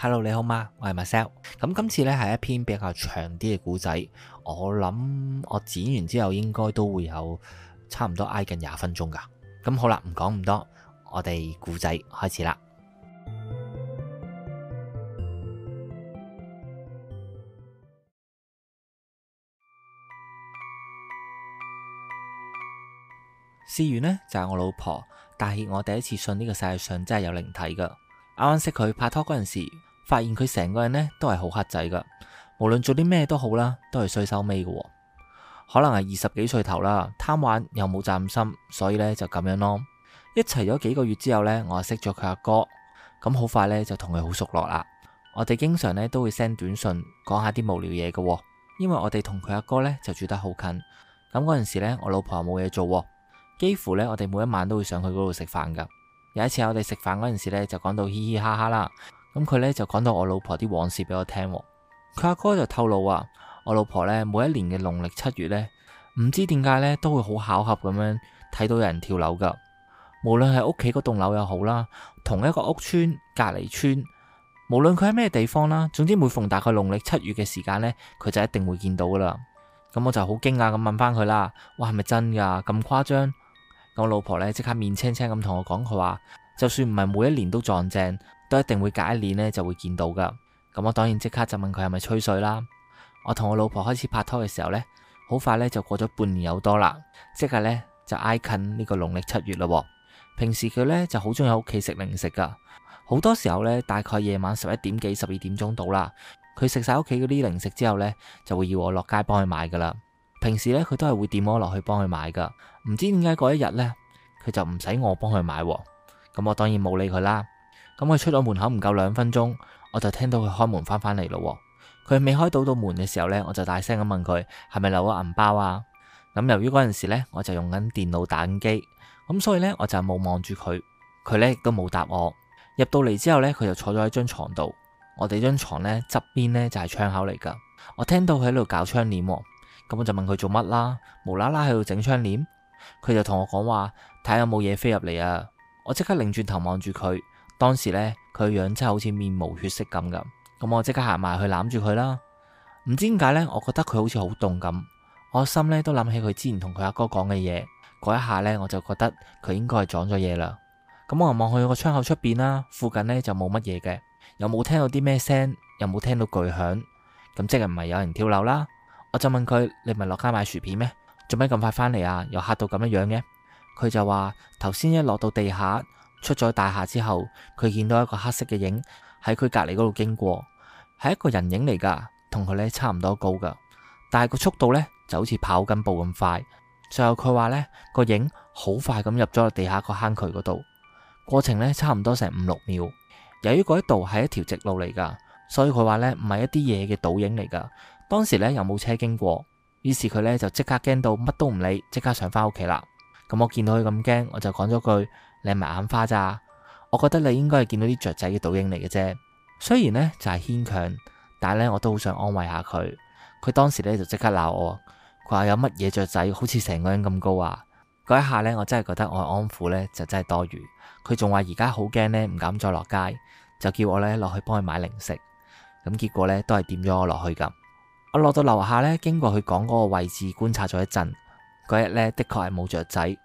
Hello，你好嗎？我係 Marcel。咁今次呢係一篇比較長啲嘅故仔，我諗我剪完之後應該都會有差唔多挨近廿分鐘噶。咁好啦，唔講咁多，我哋故仔開始啦。思遠 呢就係、是、我老婆，但係我第一次信呢個世界上真係有靈體噶。啱啱識佢拍拖嗰陣時。發現佢成個人呢都係好黑仔噶，無論做啲咩都好啦，都係衰收尾噶。可能係二十幾歲頭啦，貪玩又冇責任心，所以呢就咁樣咯。一齊咗幾個月之後呢，我識咗佢阿哥咁，好快呢就同佢好熟絡啦。我哋經常呢都會 send 短信講下啲無聊嘢噶，因為我哋同佢阿哥呢就住得好近咁。嗰陣時呢，我老婆又冇嘢做，幾乎呢我哋每一晚都會上去嗰度食飯噶。有一次我哋食飯嗰陣時呢就講到嘻嘻哈哈啦。咁佢咧就講到我老婆啲往事俾我聽，佢阿哥，哥就透露話，我老婆咧每一年嘅農曆七月咧，唔知點解咧都會好巧合咁樣睇到有人跳樓噶，無論係屋企嗰棟樓又好啦，同一個屋村、隔籬村，無論佢喺咩地方啦，總之每逢大概農曆七月嘅時間咧，佢就一定會見到噶啦。咁我就好驚訝咁問翻佢啦，哇，係咪真噶咁誇張？咁我老婆咧即刻面青青咁同我講，佢話就算唔係每一年都撞正。都一定會隔一年咧就會見到噶。咁我當然即刻就問佢係咪吹水啦。我同我老婆開始拍拖嘅時候呢，好快呢就過咗半年有多啦，即係呢，就挨近呢個農曆七月咯。平時佢呢就好中意喺屋企食零食噶，好多時候呢，大概夜晚十一點幾、十二點鐘到啦，佢食晒屋企嗰啲零食之後呢，就會要我落街幫佢買噶啦。平時呢，佢都係會點我落去幫佢買噶，唔知點解嗰一日呢，佢就唔使我幫佢買，咁我當然冇理佢啦。咁佢出咗門口唔夠兩分鐘，我就聽到佢開門翻返嚟咯。佢未開到到門嘅時候呢，我就大聲咁問佢係咪留咗銀包啊？咁由於嗰陣時咧，我就用緊電腦打印機，咁所以呢，我就冇望住佢，佢呢亦都冇答我。入到嚟之後呢，佢就坐咗喺張床度。我哋張床呢側邊呢，就係窗口嚟噶。我聽到佢喺度搞窗簾，咁我就問佢做乜啦？無啦啦喺度整窗簾，佢就同我講話，睇下有冇嘢飛入嚟啊！我即刻擰轉頭望住佢。當時咧，佢樣真係好似面無血色咁噶。咁我即刻行埋去攬住佢啦。唔知點解咧，我覺得佢好似好凍咁。我心咧都諗起佢之前同佢阿哥講嘅嘢。嗰一下咧，我就覺得佢應該係撞咗嘢啦。咁我望去個窗口出邊啦，附近呢就冇乜嘢嘅，又冇聽到啲咩聲，又冇聽到巨響。咁即係唔係有人跳樓啦？我就問佢：你咪落街買薯片咩？做咩咁快翻嚟啊？又嚇到咁樣樣嘅？佢就話：頭先一落到地下。出咗大廈之後，佢見到一個黑色嘅影喺佢隔籬嗰度經過，係一個人影嚟噶，同佢咧差唔多高噶，但係個速度咧就好似跑緊步咁快。最後佢話咧個影好快咁入咗地下個坑渠嗰度，過程咧差唔多成五六秒。由於嗰一度係一條直路嚟噶，所以佢話咧唔係一啲嘢嘅倒影嚟噶。當時咧又冇車經過，於是佢咧就即刻驚到乜都唔理，即刻想返屋企啦。咁我見到佢咁驚，我就講咗句。你係咪眼花咋？我覺得你應該係見到啲雀仔嘅倒影嚟嘅啫。雖然呢就係牽強，但係呢我都好想安慰下佢。佢當時呢就即刻鬧我，佢話有乜嘢雀仔好似成個人咁高啊！嗰一下呢，我真係覺得我安撫呢就真係多餘。佢仲話而家好驚呢，唔敢再落街，就叫我呢落去幫佢買零食。咁結果呢都係點咗我落去咁。我落到樓下呢，經過佢講嗰個位置觀察咗一陣，嗰日呢的確係冇雀仔。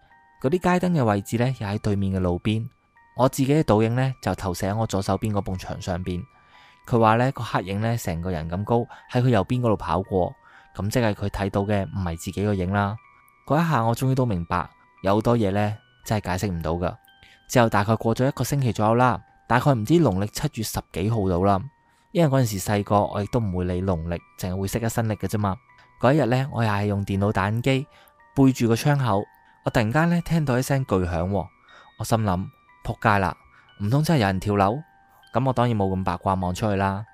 嗰啲街燈嘅位置咧，又喺對面嘅路邊。我自己嘅倒影咧，就投射喺我左手邊嗰埲牆上邊。佢話咧個黑影咧，成個人咁高喺佢右邊嗰度跑過，咁即係佢睇到嘅唔係自己個影啦。嗰一下我終於都明白，有好多嘢咧真係解釋唔到噶。之後大概過咗一個星期左右啦，大概唔知農曆七月十幾號到啦，因為嗰陣時細個，我亦都唔會理農曆，淨係會識得新曆嘅啫嘛。嗰一日咧，我又係用電腦打印機背住個窗口。我突然間咧聽到一聲巨響，我心諗撲街啦，唔通真係有人跳樓咁？我當然冇咁八卦望出去啦。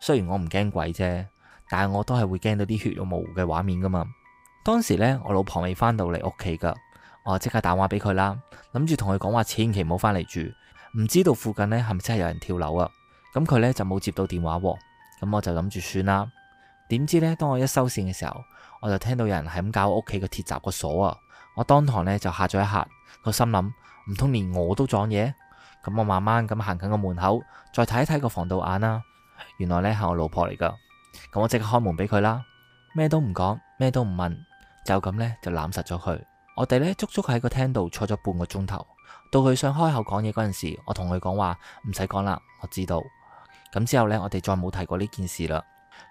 雖然我唔驚鬼啫，但係我都係會驚到啲血肉模糊嘅畫面噶嘛。當時咧，我老婆未翻到嚟屋企噶，我即刻打電話俾佢啦，諗住同佢講話，千祈唔好翻嚟住。唔知道附近呢係咪真係有人跳樓啊？咁佢咧就冇接到電話，咁我就諗住算啦。點知咧，當我一收線嘅時候，我就聽到有人係咁搞屋企個鐵閘個鎖啊。我當堂咧就吓咗一吓，個心諗唔通，連我都撞嘢，咁。我慢慢咁行緊個門口，再睇一睇個防盜眼啦。原來咧係我老婆嚟噶，咁我即刻開門俾佢啦，咩都唔講，咩都唔問，就咁咧就攬實咗佢。我哋咧足足喺個廳度坐咗半個鐘頭，到佢想開口講嘢嗰陣時，我同佢講話唔使講啦，我知道咁。之後咧，我哋再冇提過呢件事啦。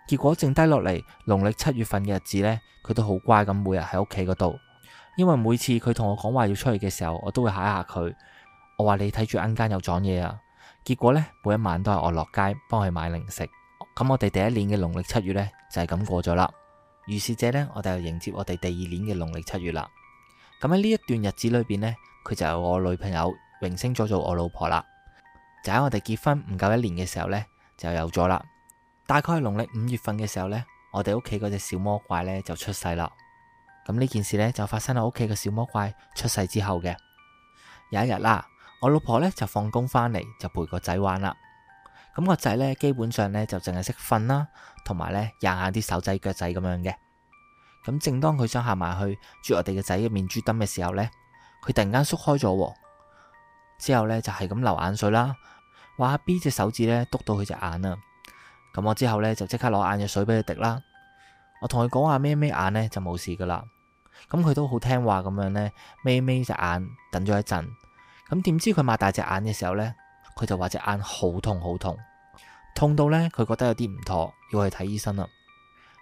結果剩低落嚟農曆七月份嘅日子咧，佢都好乖咁，每日喺屋企嗰度。因為每次佢同我講話要出去嘅時候，我都會吓一吓佢。我話，你睇住陰間有撞嘢啊！結果呢，每一晚都係我落街幫佢買零食。咁我哋第一年嘅農曆七月呢，就係咁過咗啦。於是者呢，我哋又迎接我哋第二年嘅農曆七月啦。咁喺呢一段日子裏邊呢，佢就由我女朋友榮升咗做我老婆啦。就喺我哋結婚唔夠一年嘅時候呢，就有咗啦。大概農曆五月份嘅時候呢，我哋屋企嗰隻小魔怪呢，就出世啦。咁呢件事呢，就發生喺屋企嘅小魔怪出世之後嘅有一日啦，我老婆呢，就放工翻嚟就陪個仔玩啦。咁個仔呢，基本上呢，就淨係識瞓啦，同埋呢，呀下啲手仔腳仔咁樣嘅。咁正當佢想行埋去啜我哋嘅仔嘅面珠墩嘅時候呢，佢突然間縮開咗，之後呢，就係咁流眼水啦。話，B 隻手指呢，督到佢隻眼啊。咁我之後呢，就即刻攞眼藥水俾佢滴啦。我同佢講話咩咩眼呢，就冇事噶啦。咁佢都好聽話咁樣呢，眯眯隻眼等咗一陣。咁點知佢擘大隻眼嘅時候呢，佢就話隻眼好痛好痛，痛到呢，佢覺得有啲唔妥，要去睇醫生啦。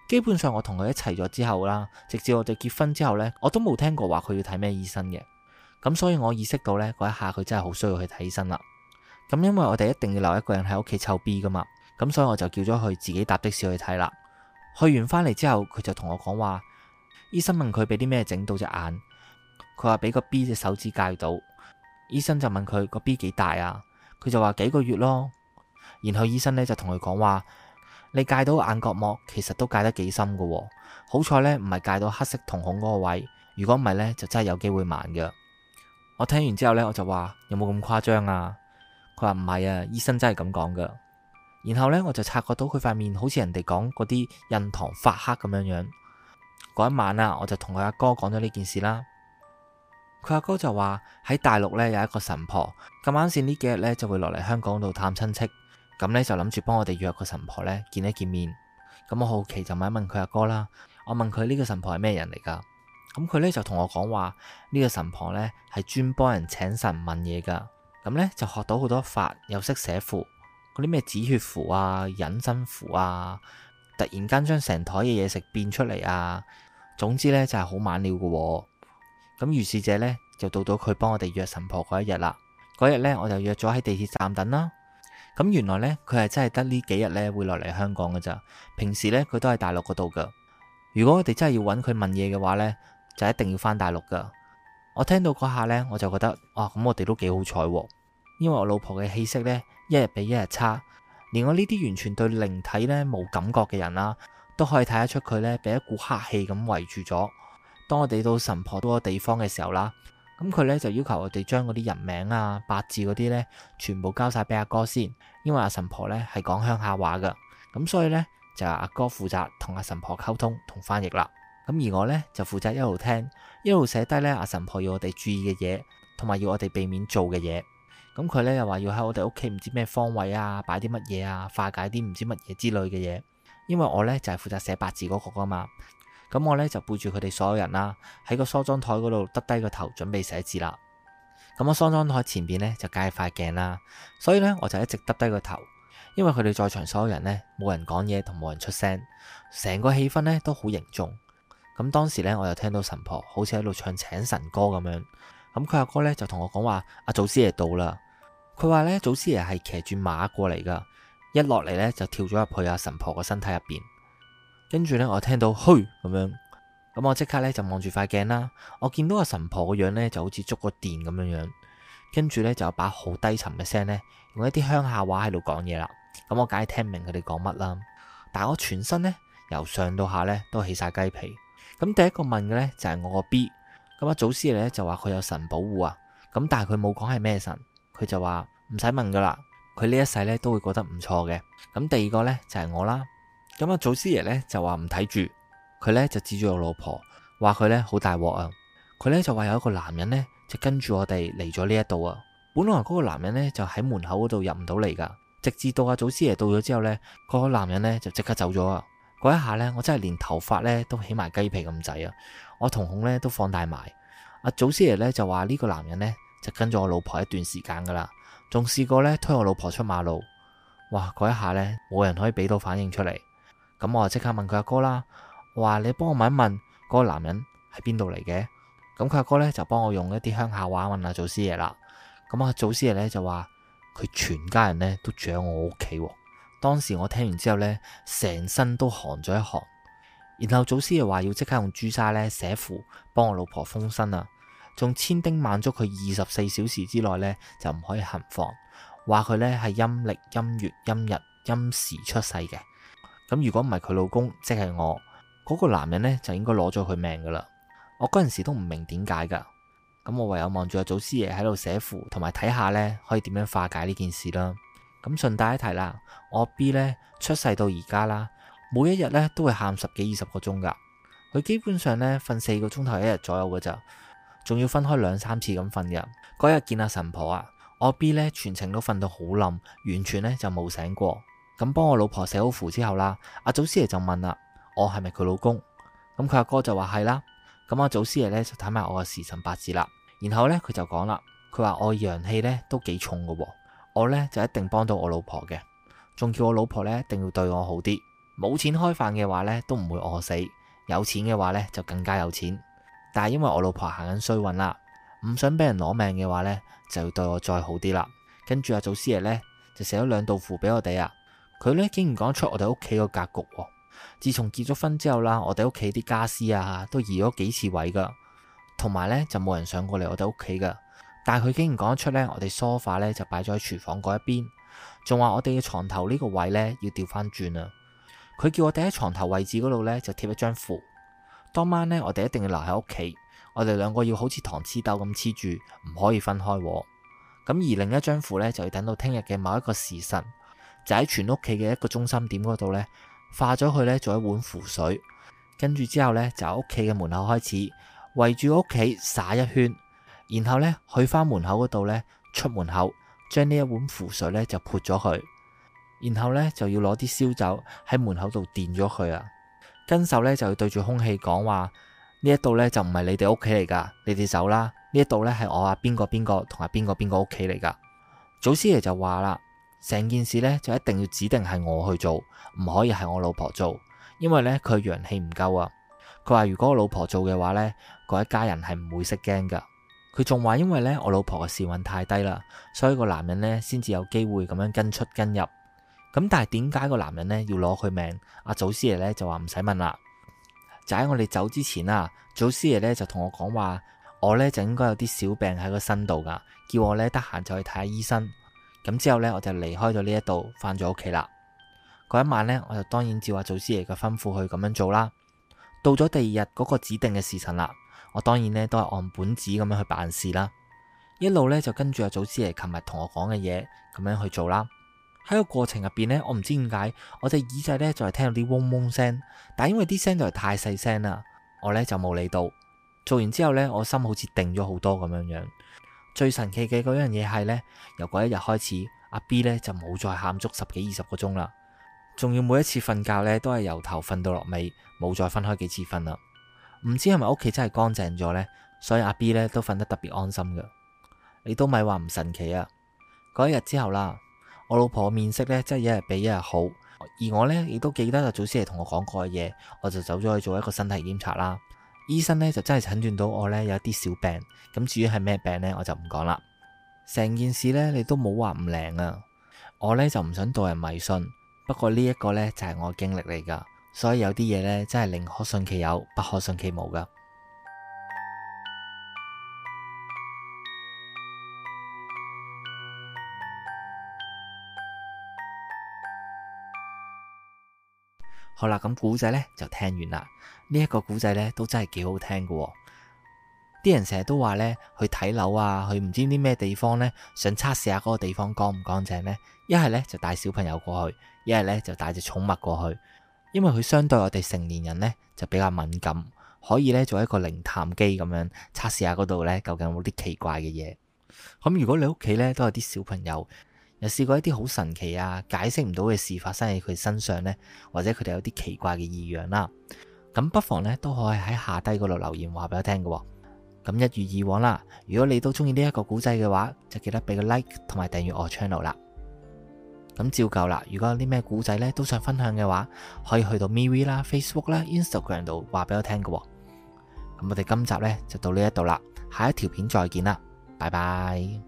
基本上我同佢一齊咗之後啦，直至我哋結婚之後呢，我都冇聽過話佢要睇咩醫生嘅。咁所以我意識到呢，嗰一下佢真係好需要去睇醫生啦。咁因為我哋一定要留一個人喺屋企湊 B 噶嘛，咁所以我就叫咗佢自己搭的士去睇啦。去完翻嚟之後，佢就同我講話。醫生問佢俾啲咩整到隻眼，佢話俾個 B 隻手指戒到。醫生就問佢個 B 幾大啊？佢就話幾個月咯。然後醫生咧就同佢講，話你戒到眼角膜其實都戒得幾深噶，哦，好彩咧唔係戒到黑色瞳孔嗰個位，如果唔係咧就真係有機會盲噶。我聽完之後咧，我就話有冇咁誇張啊？佢話唔係啊，醫生真係咁講噶。然後咧我就察覺到佢塊面好似人哋講嗰啲印堂發黑咁樣樣。嗰一晚啦，我就同佢阿哥講咗呢件事啦。佢阿哥就話喺大陸呢有一個神婆，咁啱先呢幾日呢就會落嚟香港度探親戚，咁呢就諗住幫我哋約個神婆呢見一見面。咁我好奇就問一問佢阿哥啦。我問佢呢個神婆係咩人嚟噶？咁佢呢就同我講話呢個神婆呢係專幫人請神問嘢噶。咁呢就學到好多法，又識寫符，嗰啲咩止血符啊、隱身符啊，突然間將成台嘅嘢食變出嚟啊！總之咧就係好晚了嘅，咁於是者咧就到到佢幫我哋約神婆嗰一日啦。嗰日，咧我就約咗喺地鐵站等啦。咁原來咧佢係真係得呢幾日咧會落嚟香港嘅咋。平時咧佢都喺大陸嗰度嘅。如果我哋真係要揾佢問嘢嘅話咧，就一定要返大陸噶。我聽到嗰下咧，我就覺得啊，咁我哋都幾好彩，因為我老婆嘅氣息咧一日比一日差，連我呢啲完全對靈體咧冇感覺嘅人啦。都可以睇得出佢呢俾一股黑氣咁圍住咗。當我哋到神婆嗰個地方嘅時候啦，咁佢呢就要求我哋將嗰啲人名啊、八字嗰啲呢全部交晒俾阿哥先，因為阿神婆呢係講鄉下話噶，咁所以呢，就阿哥，哥負責同阿神婆溝通同翻譯啦。咁而我呢，就負責一路聽，一路寫低呢阿神婆要我哋注意嘅嘢，同埋要我哋避免做嘅嘢。咁佢呢又話要喺我哋屋企唔知咩方位啊，擺啲乜嘢啊，化解啲唔知乜嘢之類嘅嘢。因為我呢就係負責寫八字嗰個㗎嘛，咁我呢就背住佢哋所有人啦，喺個梳妝台嗰度耷低個頭準備寫字啦。咁我梳妝台前邊呢就架塊鏡啦，所以呢，我就一直耷低個頭，因為佢哋在場所有人呢冇人講嘢同冇人出聲，成個氣氛呢都好凝重。咁當時呢，我就聽到神婆好似喺度唱請神歌咁樣，咁佢阿哥呢就同我講話阿祖師爺到啦，佢話呢，祖師爺係騎住馬過嚟噶。一落嚟咧就跳咗入去阿神婆個身體入邊，跟住咧我聽到嘘咁樣，咁我即刻咧就望住塊鏡啦，我見到阿神婆個樣咧就好似捉個電咁樣樣，跟住咧就把好低沉嘅聲咧用一啲鄉下話喺度講嘢啦，咁我梗係聽唔明佢哋講乜啦，但係我全身咧由上到下咧都起晒雞皮，咁第一個問嘅咧就係我個 B，咁啊祖師爺就話佢有神保護啊，咁但係佢冇講係咩神，佢就話唔使問噶啦。佢呢一世咧都會覺得唔錯嘅。咁第二個呢，就係我啦。咁阿祖師爺呢，就話唔睇住佢呢，就指住我老婆，話佢呢，好大鑊啊！佢呢，就話有一個男人呢，就跟住我哋嚟咗呢一度啊。本來嗰個男人呢，就喺門口嗰度入唔到嚟噶，直至到阿祖師爺到咗之後咧，嗰個男人呢，就即刻走咗啊！嗰一下呢，我真係連頭髮呢，都起埋雞皮咁滯啊！我瞳孔呢，都放大埋。阿祖師爺呢，就話呢個男人呢，就跟咗我老婆一段時間噶啦。仲試過咧推我老婆出馬路，哇！嗰一下咧冇人可以俾到反應出嚟，咁我就即刻問佢阿哥啦，話你幫我問一問嗰個男人喺邊度嚟嘅，咁佢阿哥咧就幫我用一啲鄉下話問阿祖師爺啦，咁阿祖師爺咧就話佢全家人咧都住喺我屋企。當時我聽完之後咧成身都寒咗一寒，然後祖師爺話要即刻用朱砂咧寫符幫我老婆封身啊。仲千叮萬囑佢二十四小時之內呢，就唔可以行房，話佢呢係陰曆陰月陰日陰時出世嘅。咁如果唔係佢老公，即係我嗰、個男人呢，就應該攞咗佢命噶啦。我嗰陣時都唔明點解噶，咁我唯有望住阿祖師爺喺度寫符，同埋睇下呢可以點樣化解呢件事啦。咁順帶一提啦，我 B 呢出世到而家啦，每一日呢都係喊十幾二十個鐘噶，佢基本上呢，瞓四個鐘頭一日左右噶咋。仲要分開兩三次咁瞓嘅。嗰日見阿神婆啊，我阿 B 咧全程都瞓到好冧，完全咧就冇醒過。咁幫我老婆寫好符之後啦，阿祖師爺就問啦：我係咪佢老公？咁佢阿哥就話係啦。咁阿祖師爺咧就睇埋我嘅時辰八字啦，然後咧佢就講啦：佢話我陽氣咧都幾重噶，我咧就一定幫到我老婆嘅，仲叫我老婆咧一定要對我好啲。冇錢開飯嘅話咧都唔會餓死，有錢嘅話咧就更加有錢。但係因為我老婆行緊衰運啦，唔想俾人攞命嘅話呢，就要對我再好啲啦。跟住阿祖師爺呢，就寫咗兩道符俾我哋啊。佢呢竟然講出我哋屋企個格局。自從結咗婚之後啦，我哋屋企啲家私啊都移咗幾次位噶，同埋呢就冇人上過嚟我哋屋企噶。但係佢竟然講得出呢，我哋梳化呢就擺咗喺廚房嗰一邊，仲話我哋嘅床頭呢個位呢要掉翻轉啊。佢叫我哋喺床頭位置嗰度呢就貼一張符。當晚咧，我哋一定要留喺屋企，我哋兩個要好似糖黐豆咁黐住，唔可以分開。咁而另一張符咧，就要等到聽日嘅某一個時辰，就喺全屋企嘅一個中心點嗰度咧，化咗佢咧做一碗符水，跟住之後咧就喺屋企嘅門口開始圍住屋企灑一圈，然後咧去翻門口嗰度咧出門口，將呢一碗符水咧就潑咗佢。然後咧就要攞啲燒酒喺門口度墊咗佢啊。跟手咧就要對住空氣講話，呢一度咧就唔係你哋屋企嚟噶，你哋走啦。呢一度咧係我阿、啊、邊個邊個同阿邊個邊個屋企嚟噶。祖師爺就話啦，成件事咧就一定要指定係我去做，唔可以係我老婆做，因為咧佢陽氣唔夠啊。佢話如果我老婆做嘅話咧，個一家人係唔會識驚噶。佢仲話因為咧我老婆嘅時運太低啦，所以個男人咧先至有機會咁樣跟出跟入。咁但係點解個男人咧要攞佢命？阿祖師爺咧就話唔使問啦。就喺我哋走之前啊，祖師爺咧就同我講話，我咧就應該有啲小病喺個身度噶，叫我咧得閒就去睇下醫生。咁之後咧我就離開咗呢一度返咗屋企啦。嗰一晚咧，我就當然照阿祖師爺嘅吩咐去咁樣做啦。到咗第二日嗰個指定嘅時辰啦，我當然咧都係按本子咁樣去辦事啦。一路咧就跟住阿祖師爺琴日同我講嘅嘢咁樣去做啦。喺個過程入邊呢，我唔知點解我隻耳仔呢就係聽到啲嗡嗡聲，但因為啲聲就係太細聲啦，我呢就冇理到。做完之後呢，我心好似定咗好多咁樣樣。最神奇嘅嗰樣嘢係呢，由嗰一日開始，阿 B 呢就冇再喊足十幾二十個鐘啦，仲要每一次瞓覺呢，都係由頭瞓到落尾，冇再分開幾次瞓啦。唔知係咪屋企真係乾淨咗呢？所以阿 B 呢都瞓得特別安心㗎。你都咪話唔神奇啊！嗰一日之後啦。我老婆面色咧，真係一日比一日好，而我呢，亦都記得阿祖師爺同我講過嘅嘢，我就走咗去做一個身體檢查啦。醫生呢，就真係診斷到我呢有一啲小病，咁至於係咩病呢，我就唔講啦。成件事呢，你都冇話唔靈啊！我呢，就唔想待人迷信，不過呢一個呢，就係我經歷嚟噶，所以有啲嘢呢，真係寧可信其有，不可信其無噶。好啦，咁古仔呢就聽完啦。這個、呢一個古仔呢都真係幾好聽噶、哦。啲人成日都話呢，去睇樓啊，去唔知啲咩地方呢，想測試下嗰個地方乾唔乾淨呢。一係呢就帶小朋友過去，一係呢就帶隻寵物過去，因為佢相對我哋成年人呢就比較敏感，可以呢做一個靈探機咁樣測試下嗰度呢究竟有冇啲奇怪嘅嘢。咁、嗯、如果你屋企呢都有啲小朋友，又試過一啲好神奇啊，解釋唔到嘅事發生喺佢身上呢，或者佢哋有啲奇怪嘅異樣啦。咁不妨呢，都可以喺下低嗰度留言話俾我聽嘅。咁一如以往啦，如果你都中意呢一個古仔嘅話，就記得俾個 like 同埋訂閱我 channel 啦。咁照舊啦，如果有啲咩古仔呢都想分享嘅話，可以去到 MeWe 啦、Facebook 啦、Instagram 度話俾我聽嘅。咁我哋今集呢，就到呢一度啦，下一條片再見啦，拜拜。